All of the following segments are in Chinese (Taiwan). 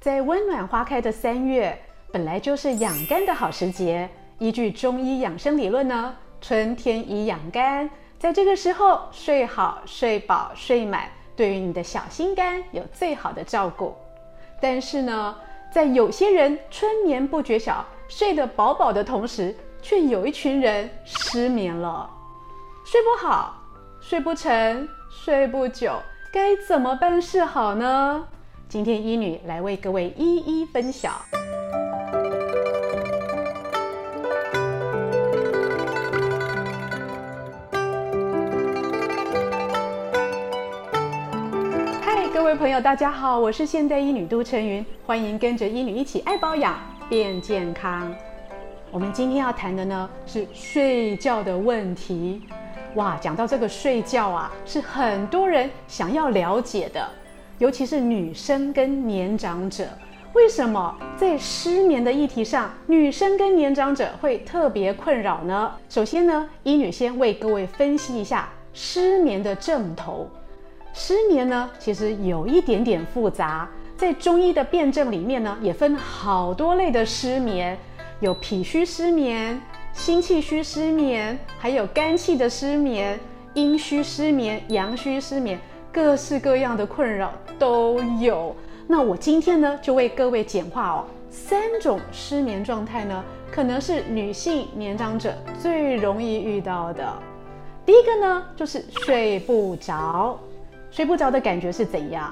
在溫暖花開的三月，本來就是養肝的好時節。依據中醫養生理論呢，春天宜養肝，在這個時候睡好、睡飽、睡滿，對於你的小心肝有最好的照顧。但是呢，在有些人春眠不覺曉，睡得飽飽的同時，卻有一群人失眠了，睡不好、睡不沉、睡不久，該怎麼辦是好呢？今天醫女來為各位一一分享。嗨，各位朋友，大家好，我是現代醫女杜丞蕓，歡迎跟着醫女一起愛保養變健康。我們今天要談的呢，是睡覺的問題。哇，講到這個睡覺啊，是很多人想要了解的。尤其是女生跟年長者，為什麼在失眠的議題上，女生跟年長者會特別困擾呢？首先呢，醫女先為各位分析一下失眠的症頭。失眠呢，其實有一點點複雜，在中醫的辨證裡面呢，也分好多類的失眠，有脾虛失眠、心氣虛失眠，還有肝氣的失眠、陰虛失眠、陽虛失眠，各式各樣的困擾都有。那我今天呢，就為各位簡化哦。三種失眠狀態呢，可能是女性年長者最容易遇到的。第一個呢，就是睡不着。睡不着的感覺是怎樣？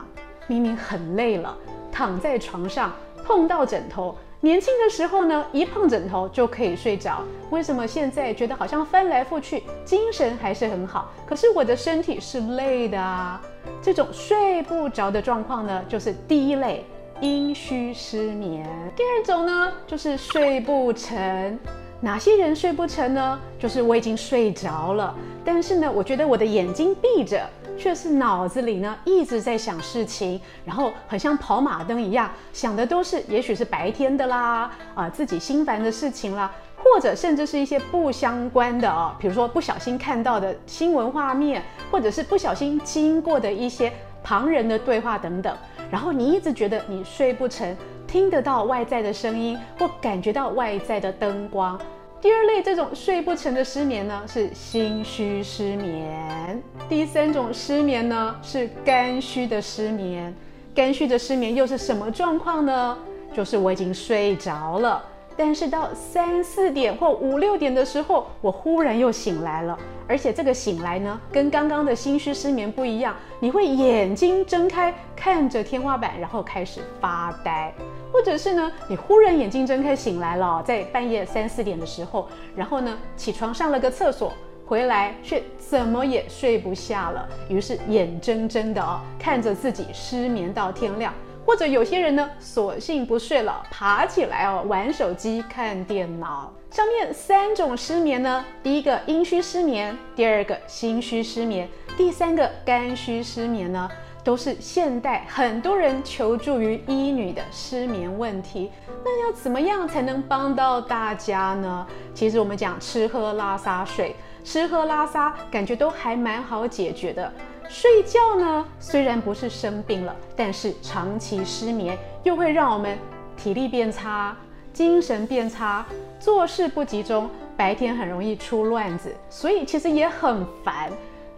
明明很累了，躺在床上，碰到枕頭。年輕的時候呢，一碰枕頭就可以睡着。為什麼現在覺得好像翻來覆去，精神還是很好，可是我的身體是累的啊？這種睡不着的狀況呢，就是第一類陰虛失眠。第二種呢，就是睡不沉。哪些人睡不沉呢？就是我已經睡着了，但是呢，我覺得我的眼睛閉着。卻是腦子裡呢，一直在想事情，然後很像跑馬燈一樣，想的都是也許是白天的啦，啊、呃、自己心煩的事情啦，或者甚至是一些不相關的哦，比如說不小心看到的新聞畫面，或者是不小心經過的一些旁人的對話等等，然後你一直覺得你睡不沉，聽得到外在的聲音或感覺到外在的燈光。第二類這種睡不成的失眠呢，是心虛失眠。第三種失眠呢，是肝虛的失眠。肝虛的失眠又是什麼狀況呢？就是我已經睡着了。但是到三四點或五六點的時候，我忽然又醒來了，而且這個醒來呢，跟剛剛的心虛失眠不一樣，你會眼睛睜開，看着天花板，然後開始發呆，或者是呢，你忽然眼睛睜開醒來了，在半夜三四點的時候，然後呢，起床上了個廁所，回來卻怎麼也睡不下了，於是眼睜睜的哦，看着自己失眠到天亮。或者有些人呢，索性不睡了，爬起來哦，玩手機、看電腦。上面三種失眠呢，第一個陰虛失眠，第二個心虛失眠，第三個肝虛失眠呢，都是現代很多人求助於醫女的失眠問題。那要怎麼樣才能幫到大家呢？其實我們講吃喝拉撒睡，吃喝拉撒感覺都還蠻好解決的。睡覺呢，雖然不是生病了，但是長期失眠又會讓我們體力變差、精神變差、做事不集中，白天很容易出亂子，所以其實也很煩。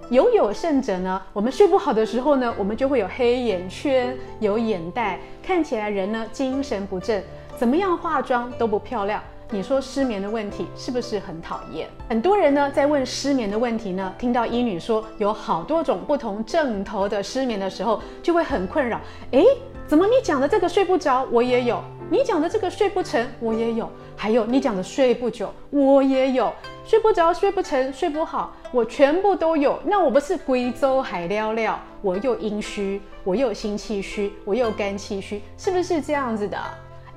尤有甚者呢，我們睡不好的時候呢，我們就會有黑眼圈、有眼袋，看起來人呢精神不振，怎麼樣化妝都不漂亮。你說失眠的問題是不是很討厭？很多人呢在問失眠的問題呢，聽到醫女說有好多種不同症頭的失眠的時候，就會很困擾。哎，怎麼你講的這個睡不着我也有，你講的這個睡不沉我也有，還有你講的睡不久我也有，睡不着、睡不成、睡不好，我全部都有。那我不是規組害了了，我又陰虛，我又心氣虛，我又肝氣虛，是不是這樣子的？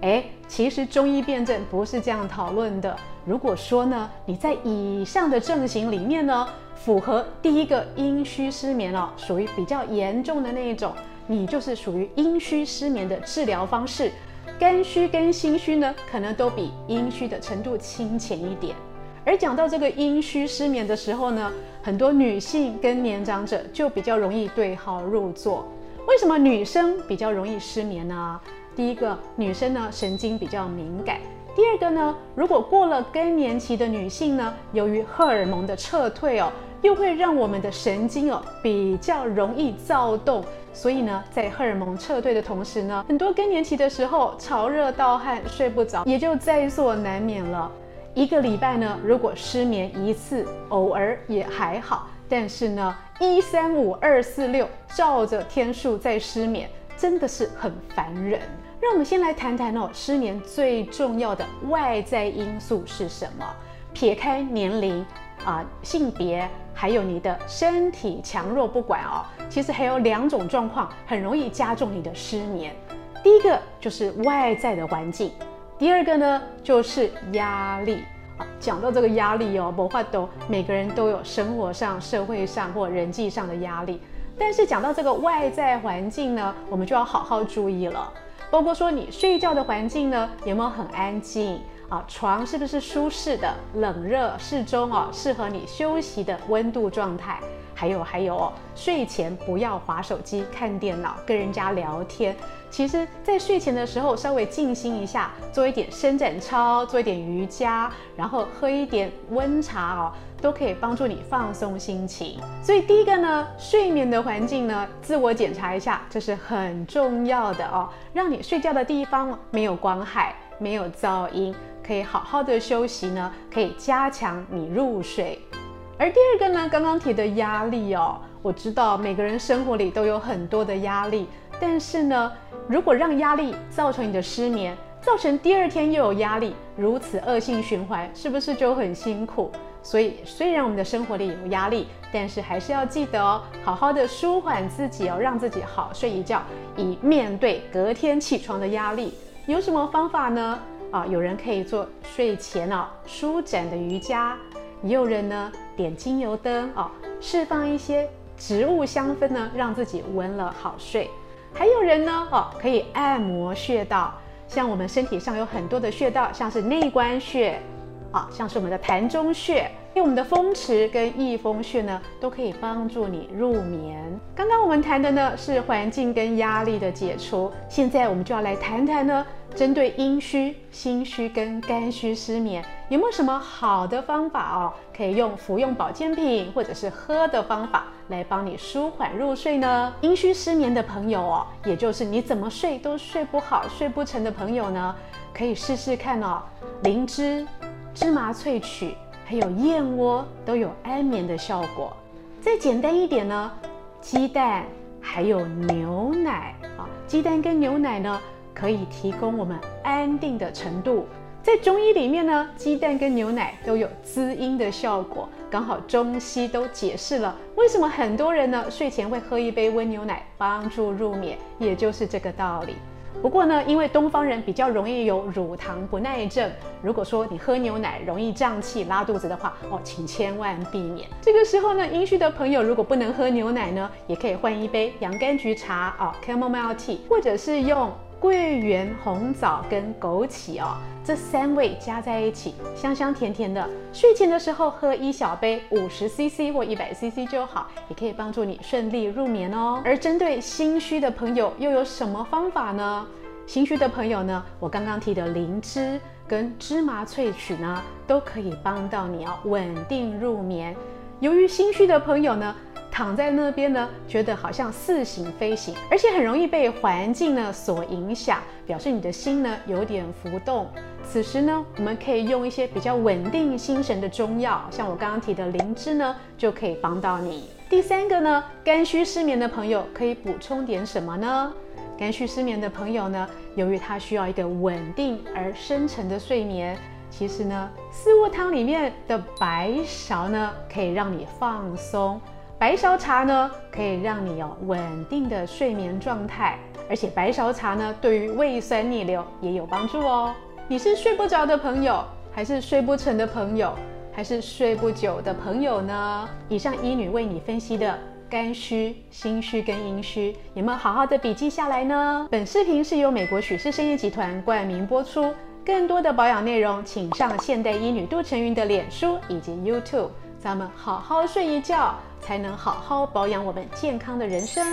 哎，其實中醫辨證不是這樣討論的。如果說呢，你在以上的症型裡面呢，符合第一個陰虛失眠了，哦，屬於比較嚴重的那一種，你就是屬於陰虛失眠的治療方式。肝虛跟心虛呢，可能都比陰虛的程度清淺一點。而講到這個陰虛失眠的時候呢，很多女性跟年長者就比較容易對號入座。為什麼女生比較容易失眠呢？第一個，女生呢神經比較敏感；第二個呢，如果過了更年期的女性呢，由於荷爾蒙的撤退哦，又會讓我們的神經哦比較容易躁動，所以呢，在荷爾蒙撤退的同時呢，很多更年期的時候潮熱盜汗，睡不着，也就在所難免了。一個禮拜呢，如果失眠一次，偶爾也還好；但是呢，一三五二四六照着天數在失眠。真的是很煩人，讓我們先來談談哦，失眠最重要的外在因素是什麼？撇開年齡啊、呃、性別，還有你的身體強弱不管哦，其實還有兩種狀況很容易加重你的失眠。第一個就是外在的環境，第二個呢就是壓力。啊，講到這個壓力哦，莫法度每個人都有生活上、社會上或人際上的壓力。但是講到這個外在環境呢，我們就要好好注意了，包括說你睡覺的環境呢，有沒有很安靜？啊，床是不是舒適的，冷熱適中哦，適合你休息的溫度狀態？還有還有哦，睡前不要滑手機、看電腦、跟人家聊天。其實，在睡前的時候稍微靜心一下，做一點伸展操，做一點瑜伽，然後喝一點溫茶哦，都可以幫助你放鬆心情。所以第一個呢，睡眠的環境呢，自我檢查一下，這是很重要的哦，讓你睡覺的地方沒有光害，沒有噪音。可以好好的休息呢，可以加強你入睡。而第二個呢，剛剛提的壓力哦，我知道每個人生活裡都有很多的壓力，但是呢，如果讓壓力造成你的失眠，造成第二天又有壓力，如此惡性循環，是不是就很辛苦？所以雖然我們的生活裡有壓力，但是還是要記得哦，好好的舒緩自己哦，讓自己好睡一覺，以面對隔天起床的壓力。有什麼方法呢？啊、哦，有人可以做睡前啊、哦、舒展的瑜伽，也有人呢點精油燈哦，釋放一些植物香氛呢，讓自己聞了好睡。還有人呢哦，可以按摩穴道，像我們身體上有很多的穴道，像是內關穴。好、啊、像是我們的膻中穴，因為我們的風池跟翳風穴呢，都可以幫助你入眠。剛剛我們談的呢是環境跟壓力的解除，現在我們就要來談談呢，針對陰虛、心虛跟肝虛失眠，有沒有什麼好的方法哦？可以用服用保健品或者是喝的方法來幫你舒緩入睡呢？陰虛失眠的朋友哦，也就是你怎麼睡都睡不好、睡不成的朋友呢，可以試試看哦，靈芝。芝麻萃取，還有燕窩都有安眠的效果。再簡單一點呢，雞蛋還有牛奶啊，雞蛋跟牛奶呢可以提供我們安定的程度。在中醫裡面呢，雞蛋跟牛奶都有滋陰的效果，剛好中西都解釋了為什麼很多人呢睡前會喝一杯溫牛奶幫助入眠，也就是這個道理。不過呢，因為東方人比較容易有乳糖不耐症，如果說你喝牛奶容易脹氣、拉肚子的話，哦，請千萬避免。這個時候呢，陰虛的朋友如果不能喝牛奶呢，也可以換一杯洋甘菊茶哦 Chamomile tea，或者是用。桂圓、紅棗跟枸杞哦，這三味加在一起，香香甜甜的。睡前的時候喝一小杯，五十 CC 或一百 CC 就好，也可以幫助你順利入眠哦。而針對心虛的朋友，又有什麼方法呢？心虛的朋友呢，我剛剛提的靈芝跟芝麻萃取呢，都可以幫到你哦，穩定入眠。由於心虛的朋友呢，躺在那邊呢，覺得好像似醒非醒，而且很容易被環境呢所影響，表示你的心呢有點浮動。此時呢，我們可以用一些比較穩定心神的中藥，像我剛剛提的靈芝呢，就可以幫到你。第三個呢，肝虛失眠的朋友可以補充點什麼呢？肝虛失眠的朋友呢，由於他需要一個穩定而深沉的睡眠，其實呢，四物湯裡面的白芍呢，可以讓你放鬆。白芍茶呢，可以讓你有穩定的睡眠狀態，而且白芍茶呢，對於胃酸逆流也有幫助哦。你是睡不着的朋友，還是睡不成的朋友，還是睡不久的朋友呢？以上醫女為你分析的肝虛、心虛跟陰虛，有沒有好好的筆記下來呢？本視頻是由美國許氏生業集團冠名播出。更多的保養內容，請上現代醫女杜成云的臉書以及 YouTube。咱們好好睡一覺。才能好好保養我們健康的人生。